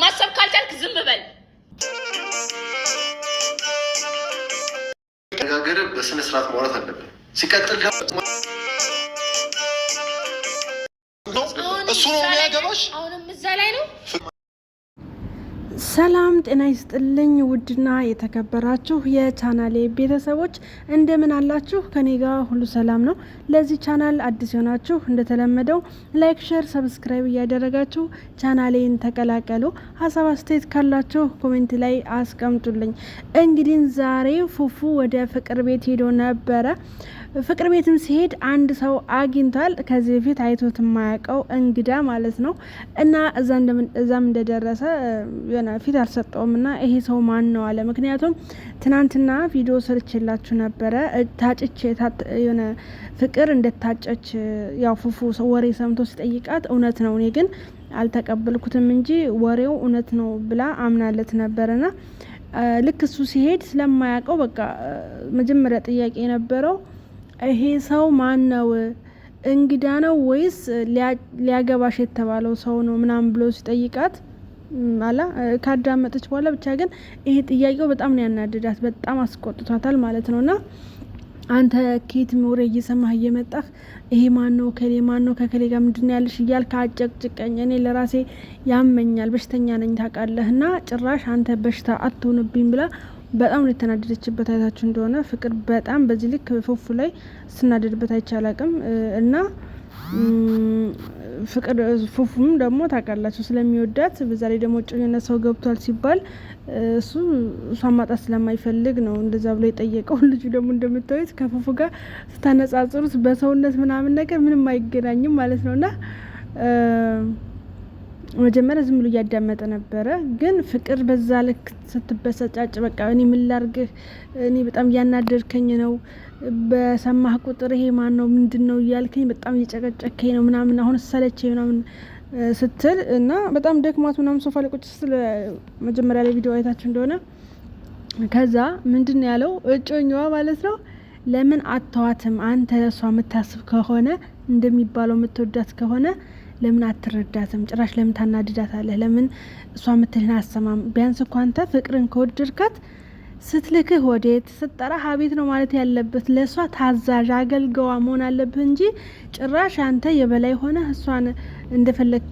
ማሰብ ካልቻልክ ዝም በል። ነጋገር በስነ ስርዓት ማውራት አለብን። ሲቀጥል እሱ ነው የሚያገባሽ። አሁንም እዛ ላይ ነው ሰላም ጤና ይስጥልኝ። ውድና የተከበራችሁ የቻናሌ ቤተሰቦች እንደምን አላችሁ? ከኔ ጋር ሁሉ ሰላም ነው። ለዚህ ቻናል አዲስ የሆናችሁ እንደተለመደው ላይክ፣ ሸር፣ ሰብስክራይብ እያደረጋችሁ ቻናሌን ተቀላቀሉ። ሀሳብ አስተያየት ካላችሁ ኮሜንት ላይ አስቀምጡልኝ። እንግዲህ ዛሬ ፉፉ ወደ ፍቅር ቤት ሄዶ ነበረ። ፍቅር ቤትም ሲሄድ አንድ ሰው አግኝቷል። ከዚህ በፊት አይቶት የማያውቀው እንግዳ ማለት ነው እና እዛም እንደደረሰ ፊት አልሰጠውም እና ይሄ ሰው ማን ነው አለ። ምክንያቱም ትናንትና ቪዲዮ ሰርችላችሁ ነበረ ታጭች የሆነ ፍቅር እንደታጨች ያው ፉፉ ወሬ ሰምቶ ሲጠይቃት እውነት ነው እኔ ግን አልተቀበልኩትም እንጂ ወሬው እውነት ነው ብላ አምናለት ነበርና ልክ እሱ ሲሄድ ስለማያውቀው በቃ መጀመሪያ ጥያቄ የነበረው ይሄ ሰው ማን ነው? እንግዳ ነው ወይስ ሊያገባሽ የተባለው ሰው ነው ምናምን ብሎ ሲጠይቃት አላ ካዳመጠች በኋላ ብቻ ግን ይሄ ጥያቄው በጣም ነው ያናደዳት፣ በጣም አስቆጥቷታል ማለት ነው። እና አንተ ኬት ምውሬ እየሰማህ እየመጣህ ይሄ ማን ነው ከሌ ማን ነው ከከሌ ጋር ምንድን ያለሽ እያልክ አጨቅጭቀኝ፣ እኔ ለራሴ ያመኛል፣ በሽተኛ ነኝ ታውቃለህ። እና ጭራሽ አንተ በሽታ አትሆንብኝ ብላ በጣም የተናደደችበት አይታችሁ እንደሆነ ፍቅር በጣም በዚህ ልክ ፉፉ ላይ ስናደድበት አይቻላቅም እና ፍቅር ፉፉም ደግሞ ታውቃላችሁ ስለሚወዳት በዛ ላይ ደግሞ ጮኛ ሰው ገብቷል ሲባል እሱ እሷን ማጣት ስለማይፈልግ ነው እንደዛ ብሎ የጠየቀው። ልጁ ደግሞ እንደምታዩት ከፉፉ ጋር ስታነጻጽሩት በሰውነት ምናምን ነገር ምንም አይገናኝም ማለት ነው እና መጀመሪያ ዝም ብሎ እያዳመጠ ነበረ። ግን ፍቅር በዛ ልክ ስትበሰጫጭ በቃ እኔ ምን ላርግህ፣ እኔ በጣም እያናደድከኝ ነው፣ በሰማህ ቁጥር ይሄ ማን ነው ምንድን ነው እያልከኝ በጣም እየጨቀጨከኝ ነው ምናምን፣ አሁን ሰለቼ ምናምን ስትል እና በጣም ደክማት ምናምን ሶፋ ላይ ቁጭ ስለ መጀመሪያ ላይ ቪዲዮ አይታችሁ እንደሆነ ከዛ ምንድን ያለው እጮኛዋ ማለት ነው ለምን አተዋትም አንተ እሷ የምታስብ ከሆነ እንደሚባለው የምትወዳት ከሆነ ለምን አትረዳትም? ጭራሽ ለምን ታናድዳታለህ? ለምን እሷ ምትልህን አሰማም? ቢያንስ እኳ አንተ ፍቅርን ከወደድካት ስትልክህ ወዴት ስትጠራህ አቤት ነው ማለት ያለበት። ለእሷ ታዛዥ አገልገዋ መሆን አለብህ እንጂ ጭራሽ አንተ የበላይ ሆነ እሷን እንደፈለክ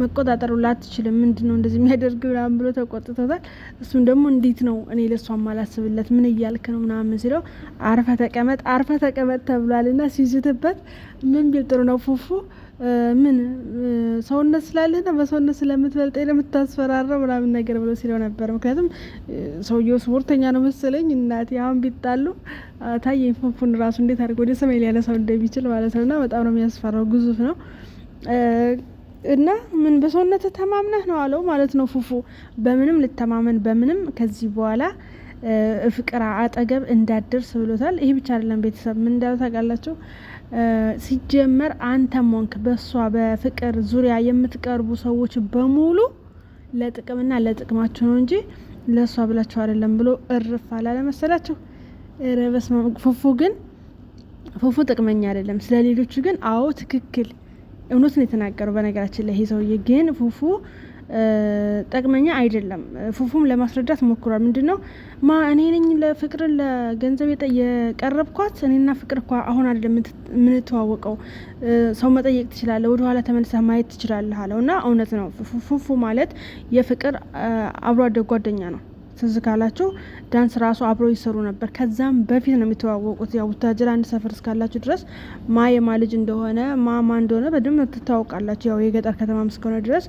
መቆጣጠሩ ላትችልም። ምንድን ነው እንደዚህ የሚያደርግ ምናምን ብሎ ተቆጥቶታል። እሱም ደግሞ እንዴት ነው እኔ ለእሷ ማላስብለት ምን እያልክ ነው ምናምን ሲለው አርፈ ተቀመጥ አርፈ ተቀመጥ ተብሏል። ና ሲዝትበት ምን ቢል ጥሩ ነው ፉፉ ምን ሰውነት ስላለህና በሰውነት ስለምትበልጥ ነው የምታስፈራረው ምናምን ነገር ብሎ ሲለው ነበር። ምክንያቱም ሰውየው ስፖርተኛ ነው መሰለኝ እናቴ። አሁን ቢጣሉ ታየ ፉፉን ራሱ እንዴት አድርገ ወደ ሰማይ ሊያለ ሰው እንደሚችል ማለት ነው። እና በጣም ነው የሚያስፈራው፣ ግዙፍ ነው እና ምን በሰውነት ተማምነህ ነው አለው ማለት ነው። ፉፉ በምንም ልተማመን በምንም ከዚህ በኋላ ፍቅር አጠገብ እንዳደርስ ብሎታል። ይሄ ብቻ አይደለም ቤተሰብ ምን እንዳለ ታውቃላችሁ? ሲጀመር አንተም ሆንክ በእሷ በፍቅር ዙሪያ የምትቀርቡ ሰዎች በሙሉ ለጥቅምና ለጥቅማችሁ ነው እንጂ ለእሷ ብላችሁ አይደለም ብሎ እርፍ አላለመሰላችሁ? ኧረ በስመ አብ። ፉፉ ግን ፉፉ ጥቅመኛ አይደለም። ስለ ሌሎቹ ግን አዎ ትክክል እውነት ነው የተናገረው። በነገራችን ላይ ይዘው ሰውዬ ግን ፉፉ ጠቅመኛ አይደለም። ፉፉም ለማስረዳት ሞክሯል። ምንድን ነው ማ እኔ ነኝ ለፍቅር ለገንዘብ የቀረብኳት እኔና ፍቅር እኳ አሁን አይደለም የምንተዋወቀው፣ ሰው መጠየቅ ትችላለህ፣ ወደኋላ ተመልሰህ ማየት ትችላለህ አለው እና እውነት ነው። ፉፉ ማለት የፍቅር አብሮ አደግ ጓደኛ ነው። ትዝ ካላችሁ ዳንስ ራሱ አብሮ ይሰሩ ነበር። ከዛም በፊት ነው የሚተዋወቁት። ያው ቡታጅራ አንድ ሰፈር እስካላችሁ ድረስ ማ የማ ልጅ እንደሆነ ማ ማ እንደሆነ በደንብ ትታወቃላችሁ። ያው የገጠር ከተማም እስከሆነ ድረስ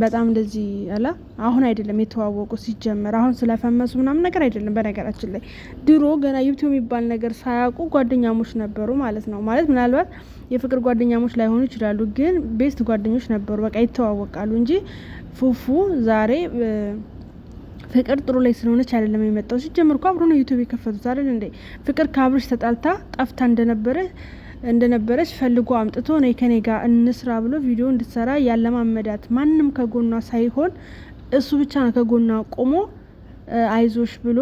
በጣም እንደዚህ አለ። አሁን አይደለም የተዋወቁ ሲጀመር አሁን ስለፈመሱ ምናምን ነገር አይደለም። በነገራችን ላይ ድሮ ገና ዩቲዩብ የሚባል ነገር ሳያውቁ ጓደኛሞች ነበሩ ማለት ነው። ማለት ምናልባት የፍቅር ጓደኛሞች ላይሆኑ ይችላሉ፣ ግን ቤስት ጓደኞች ነበሩ። በቃ ይተዋወቃሉ እንጂ ፉፉ ዛሬ ፍቅር ጥሩ ላይ ስለሆነች አይደለም የመጣው። ሲጀምር እኮ አብሮ ነው ዩቲዩብ የከፈቱት አይደል እንዴ? ፍቅር ከአብርሽ ተጣልታ ጠፍታ እንደነበረ እንደነበረች ፈልጎ አምጥቶ ነይ ከኔ ጋር እንስራ ብሎ ቪዲዮ እንድትሰራ ያለማመዳት ማንም ከጎኗ ሳይሆን እሱ ብቻ ነው ከጎኗ ቆሞ አይዞሽ ብሎ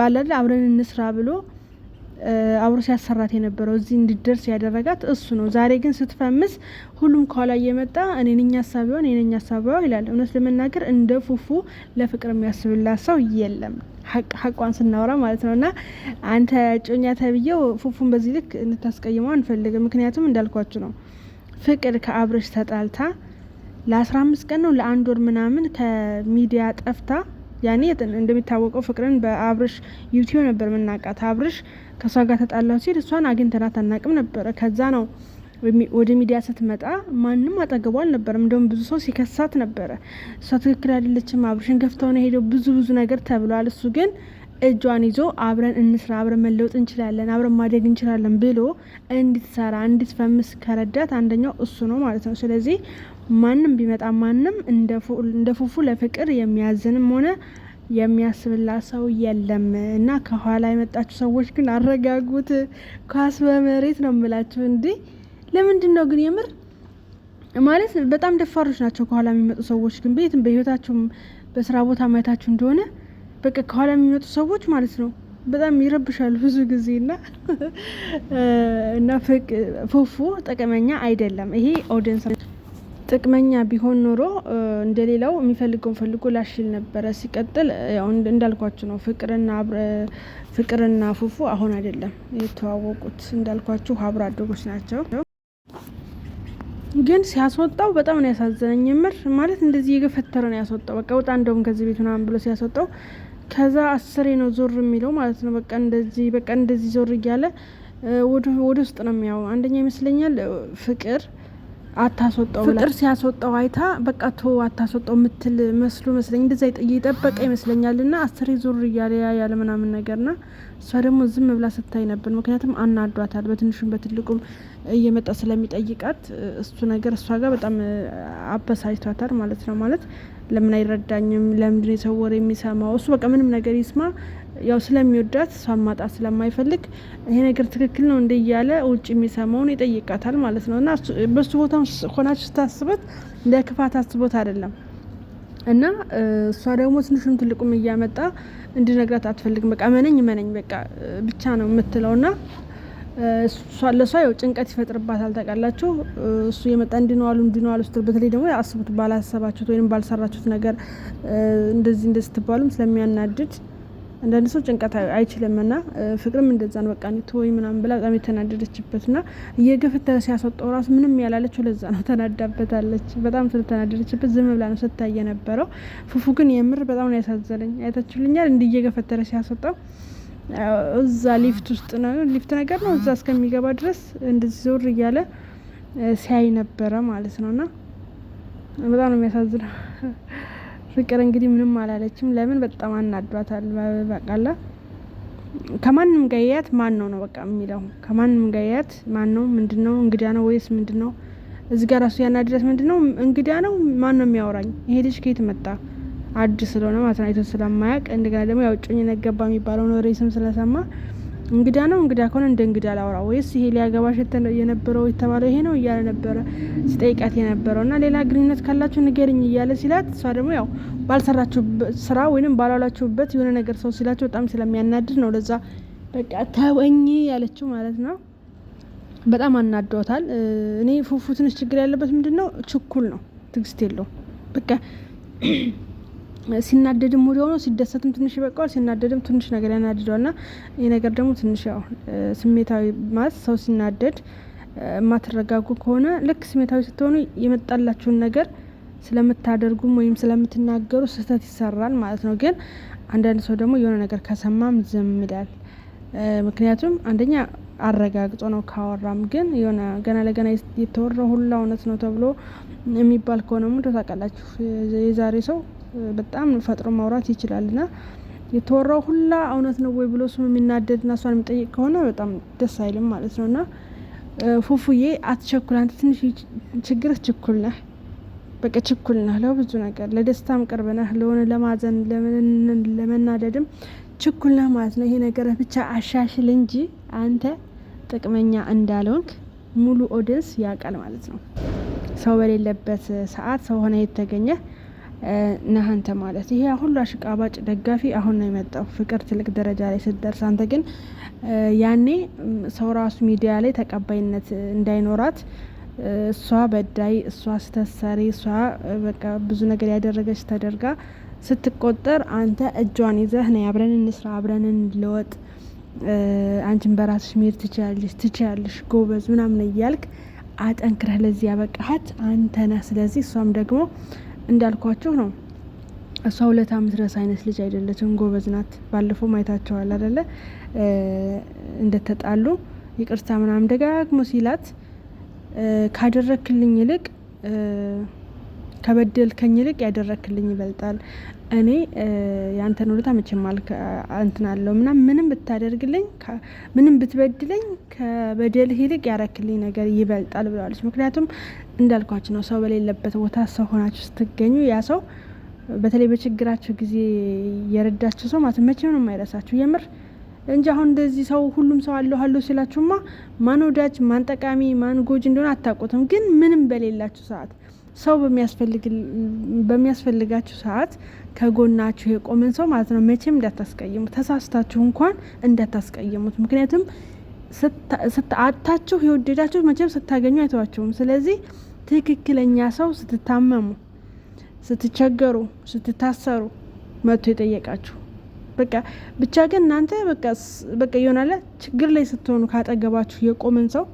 ባለል አብረን እንስራ ብሎ አብሮ ሲያሰራት የነበረው እዚህ እንድደርስ ያደረጋት እሱ ነው። ዛሬ ግን ስትፈምስ ሁሉም ከኋላ እየመጣ እኔ ነኝ አሳቢዋ እኔ ነኝ ይላል። እውነት ለመናገር እንደ ፉፉ ለፍቅር የሚያስብላት ሰው የለም። ሀቋን ስናወራ ማለት ነው። እና አንተ እጮኛ ተብዬው ፉፉን በዚህ ልክ እንታስቀይመው አንፈልግም። ምክንያቱም እንዳልኳችሁ ነው ፍቅር ከአብርሽ ተጣልታ ለአስራ አምስት ቀን ነው ለአንድ ወር ምናምን ከሚዲያ ጠፍታ ያኔ እንደሚታወቀው ፍቅርን በአብርሽ ዩቲዩብ ነበር የምናውቃት አብርሽ ከእሷ ጋር ተጣላሁ ሲል እሷን አግኝተናት አናቅም ነበረ። ከዛ ነው ወደ ሚዲያ ስትመጣ ማንም አጠገቧ አልነበረም። እንደውም ብዙ ሰው ሲከሳት ነበረ። እሷ ትክክል አይደለችም፣ አብርሽን ገፍተው ነው ሄደው ብዙ ብዙ ነገር ተብሏል። እሱ ግን እጇን ይዞ አብረን እንስራ፣ አብረን መለወጥ እንችላለን፣ አብረን ማደግ እንችላለን ብሎ እንድትሰራ እንድትፈምስ ከረዳት አንደኛው እሱ ነው ማለት ነው። ስለዚህ ማንም ቢመጣ ማንም እንደ ፉፉ ለፍቅር የሚያዝንም ሆነ የሚያስብላ ሰው የለም እና ከኋላ የመጣችሁ ሰዎች ግን አረጋጉት። ኳስ በመሬት ነው የምላችሁ እንዲህ ለምንድን ነው ግን የምር ማለት በጣም ደፋሮች ናቸው ከኋላ የሚመጡ ሰዎች። ግን በየትም በህይወታቸውም በስራ ቦታ ማየታቸው እንደሆነ በቃ ከኋላ የሚመጡ ሰዎች ማለት ነው በጣም ይረብሻሉ ብዙ ጊዜ ና እና ፉፉ ጠቅመኛ አይደለም። ይሄ ኦዲየንስ ጥቅመኛ ቢሆን ኖሮ እንደሌላው የሚፈልገውን ፈልጎ ላሽል ነበረ። ሲቀጥል እንዳልኳችሁ ነው ፍቅርና ፍቅርና ፉፉ አሁን አይደለም የተዋወቁት፣ እንዳልኳችሁ አብሮ አደጎች ናቸው። ግን ሲያስወጣው በጣም ነው ያሳዘነኝ። ምር ማለት እንደዚህ እየገፈተረ ነው ያስወጣው። በቃ ወጣ እንደውም ከዚህ ቤት ምናምን ብሎ ሲያስወጣው ከዛ አስሬ ነው ዞር የሚለው ማለት ነው። በቃ እንደዚህ በቃ እንደዚህ ዞር እያለ ወደ ውስጥ ነው የሚያው። አንደኛ ይመስለኛል ፍቅር አታስወጣው ፍቅር ሲያስወጣው አይታ በቃ ቶ አታስወጣው የምትል መስሎ መስለኝ እንደዛ የጠበቀ ይመስለኛል። ና አስሬ ዙር እያለ ያለ ምናምን ነገር ና እሷ ደግሞ ዝም ብላ ስታይ ነበር። ምክንያቱም አናዷታል በትንሹም በትልቁም እየመጣ ስለሚጠይቃት እሱ ነገር እሷ ጋር በጣም አበሳጭቷታል ማለት ነው። ማለት ለምን አይረዳኝም? ለምንድን የሰው ወሬ የሚሰማው? እሱ በቃ ምንም ነገር ይስማ ያው ስለሚወዳት እሷን ማጣት ስለማይፈልግ ይሄ ነገር ትክክል ነው እንደ እያለ ውጭ የሚሰማውን ይጠይቃታል ማለት ነው። እና በሱ ቦታ ሆናችሁ ስታስበት ለክፋት አስቦት አይደለም። እና እሷ ደግሞ ትንሹም ትልቁም እያመጣ እንዲነግራት አትፈልግም። በቃ መነኝ መነኝ በቃ ብቻ ነው የምትለው ና ለእሷ ያው ጭንቀት ይፈጥርባታል። ታውቃላችሁ እሱ የመጣ እንዲነዋሉ እንዲነዋሉ ስትል በተለይ ደግሞ አስቡት ባላሰባችሁት ወይም ባልሰራችሁት ነገር እንደዚህ እንደስትባሉም ስለሚያናድድ አንዳንድ ሰው ጭንቀት አይችልም ና ፍቅርም እንደዛ ነው። በቃ ተወኝ ምናምን ብላ በጣም የተናደደችበት ና እየገፈተረ ሲያስወጣው ራሱ ምንም ያላለችው ለዛ ነው፣ ተናዳበታለች። በጣም ስለተናደደችበት ዝም ብላ ነው ስታይ የነበረው። ፉፉ ግን የምር በጣም ነው ያሳዘነኝ። አይታችሁልኛል፣ እንዲ እየገፈተረ ሲያስወጣው እዛ ሊፍት ውስጥ ነው ሊፍት ነገር ነው፣ እዛ እስከሚገባ ድረስ እንደዚህ ዞር እያለ ሲያይ ነበረ ማለት ነው ና በጣም ነው የሚያሳዝነው። ፍቅር እንግዲህ ምንም አላለችም። ለምን በጣም አናዷታል። በቃላ ከማንም ጋያት ማን ነው ነው በቃ የሚለው ከማንም ጋያት ማን ነው ምንድን ነው እንግዳ ነው ወይስ ምንድን ነው? እዚ ጋር ራሱ ያናድዳት ምንድን ነው እንግዳ ነው ማን ነው የሚያወራኝ? ይሄ ልጅ ከየት መጣ? አዲስ ስለሆነ ማትናይቶ ስለማያውቅ እንደገና ደግሞ ያውጭኝ ነገባ የሚባለውን ወሬ ስም ስለሰማ እንግዳ ነው እንግዳ ከሆነ እንደ እንግዳ ላውራ ወይስ ይሄ ሊያገባሽ የነበረው የተባለው ይሄ ነው እያለ ነበረ ሲጠይቃት የነበረው እና ሌላ ግንኙነት ካላችሁ ንገርኝ እያለ ሲላት፣ እሷ ደግሞ ያው ባልሰራችሁበት ስራ ወይም ባላላችሁበት የሆነ ነገር ሰው ሲላቸው በጣም ስለሚያናድድ ነው ለዛ በቃ ተወኝ ያለችው ማለት ነው። በጣም አናዷታል። እኔ ፉፉ ትንሽ ችግር ያለበት ምንድን ነው ችኩል ነው፣ ትግስት የለውም በቃ ሲናደድም ወዲያው ሆኖ ሲደሰትም ትንሽ ይበቃዋል፣ ሲናደድም ትንሽ ነገር ያናድደዋል። ና ይህ ነገር ደግሞ ትንሽ ያው ስሜታዊ ማለት ሰው ሲናደድ የማትረጋጉ ከሆነ ልክ ስሜታዊ ስትሆኑ የመጣላችሁን ነገር ስለምታደርጉም ወይም ስለምትናገሩ ስህተት ይሰራል ማለት ነው። ግን አንዳንድ ሰው ደግሞ የሆነ ነገር ከሰማም ዝም ይላል። ምክንያቱም አንደኛ አረጋግጦ ነው ካወራም ግን የሆነ ገና ለገና የተወራ ሁላ እውነት ነው ተብሎ የሚባል ከሆነ ምንድ ታውቃላችሁ የዛሬ ሰው በጣም ፈጥሮ ማውራት ይችላል ና የተወራው ሁላ እውነት ነው ወይ ብሎ እሱም የሚናደድ ና እሷን የሚጠይቅ ከሆነ በጣም ደስ አይልም ማለት ነው። ና ፉፉዬ አትቸኩል፣ አንተ ትንሽ ችግር ችኩል ነህ፣ በቃ ችኩል ነህ ለብዙ ነገር፣ ለደስታም ቅርብ ነህ፣ ለሆነ ለማዘን ለመናደድም ችኩል ነህ ማለት ነው። ይሄ ነገር ብቻ አሻሽል እንጂ አንተ ጥቅመኛ እንዳልሆንክ ሙሉ ኦዲየንስ ያውቃል ማለት ነው። ሰው በሌለበት ሰዓት ሰው ሆነ የተገኘ ነሀንተ ማለት ይሄ ሁሉ አሽቃባጭ ደጋፊ አሁን ነው የመጣው። ፍቅር ትልቅ ደረጃ ላይ ስትደርስ፣ አንተ ግን ያኔ ሰው ራሱ ሚዲያ ላይ ተቀባይነት እንዳይኖራት እሷ በዳይ፣ እሷ ስተሰሪ፣ እሷ በቃ ብዙ ነገር ያደረገች ተደርጋ ስትቆጠር አንተ እጇን ይዘህ ነይ፣ አብረን እንስራ፣ አብረን እንለወጥ፣ አንቺን በራስሽ ሚር ትችያለሽ፣ ትችያለሽ፣ ጎበዝ ምናምን እያልክ አጠንክረህ ለዚህ ያበቃሃት አንተ ነህ። ስለዚህ እሷም ደግሞ እንዳልኳቸው ነው። እሷ ሁለት አመት ድረስ አይነት ልጅ አይደለችም፣ ጎበዝ ናት። ባለፈው ማየታቸዋል አደለ እንደተጣሉ ይቅርታ ምናምን ደጋግሞ ሲላት ካደረክልኝ ይልቅ ከበደልከኝ ይልቅ ያደረክልኝ ይበልጣል። እኔ የአንተን ውለታ መቼም አልክ እንትን አለው ምና ምንም ብታደርግልኝ ምንም ብትበድለኝ ከበደልህ ይልቅ ያረክልኝ ነገር ይበልጣል ብለዋለች። ምክንያቱም እንዳልኳችሁ ነው፣ ሰው በሌለበት ቦታ ሰው ሆናችሁ ስትገኙ ያ ሰው በተለይ በችግራችሁ ጊዜ የረዳችሁ ሰው ማለት መቼም ነው የማይረሳችሁ የምር እንጂ አሁን እንደዚህ ሰው ሁሉም ሰው አለሁ አለሁ ሲላችሁማ ማን ወዳጅ ማን ጠቃሚ ማን ጎጂ እንደሆነ አታውቁትም። ግን ምንም በሌላችሁ ሰዓት ሰው በሚያስፈልጋችሁ ሰዓት ከጎናችሁ የቆመን ሰው ማለት ነው መቼም እንዳታስቀይሙት፣ ተሳስታችሁ እንኳን እንዳታስቀይሙት። ምክንያቱም አጥታችሁ የወደዳችሁ መቼም ስታገኙ አይተዋችሁም። ስለዚህ ትክክለኛ ሰው ስትታመሙ፣ ስትቸገሩ፣ ስትታሰሩ መጥቶ የጠየቃችሁ በቃ ብቻ ግን እናንተ በቃ የሆናለ ችግር ላይ ስትሆኑ ካጠገባችሁ የቆመን ሰው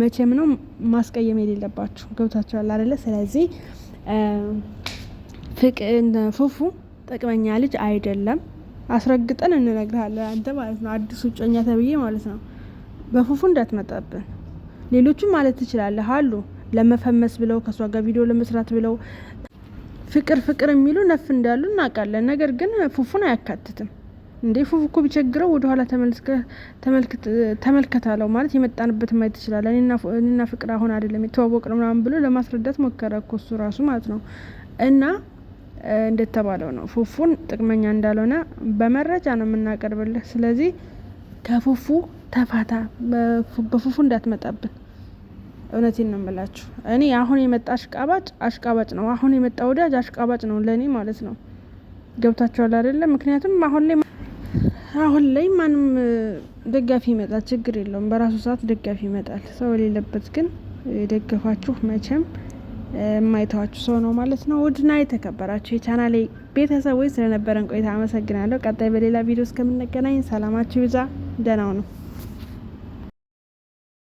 መቼም ነው ማስቀየም የሌለባችሁ ገብታችኋል አይደለ? ስለዚህ ፍቅር ፉፉ ጥቅመኛ ልጅ አይደለም፣ አስረግጠን እንነግርሃለን። አንተ ማለት ነው አዲሱ እጮኛ ተብዬ ማለት ነው በፉፉ እንዳትመጣብን። ሌሎቹም ማለት ትችላለህ አሉ ለመፈመስ ብለው ከእሷ ጋር ቪዲዮ ለመስራት ብለው ፍቅር ፍቅር የሚሉ ነፍ እንዳሉ እናውቃለን። ነገር ግን ፉፉን አያካትትም። እንዴ ፉፉ እኮ ቢቸግረው ወደ ኋላ ተመልከት አለው ማለት የመጣንበት ማየት ይችላል። እኔና ፍቅር አሁን አይደለም የተዋወቅ ነው ምናምን ብሎ ለማስረዳት ሞከረ እኮ እሱ ራሱ ማለት ነው። እና እንደተባለው ነው ፉፉን ጥቅመኛ እንዳልሆነ በመረጃ ነው የምናቀርብልህ። ስለዚህ ከፉፉ ተፋታ፣ በፉፉ እንዳትመጣብን። እውነቴን ነው የምላችሁ። እኔ አሁን የመጣ አሽቃባጭ አሽቃባጭ ነው። አሁን የመጣ ወዳጅ አሽቃባጭ ነው ለእኔ ማለት ነው። ገብታችኋል አይደለም? ምክንያቱም አሁን ላይ አሁን ላይ ማንም ደጋፊ ይመጣል፣ ችግር የለውም። በራሱ ሰዓት ደጋፊ ይመጣል። ሰው የሌለበት ግን የደገፋችሁ መቼም የማይተዋችሁ ሰው ነው ማለት ነው። ውድና የተከበራችሁ የቻናሌ ቤተሰቦች ስለነበረን ቆይታ አመሰግናለሁ። ቀጣይ በሌላ ቪዲዮ እስከምንገናኝ ሰላማችሁ ይብዛ። ደህናው ነው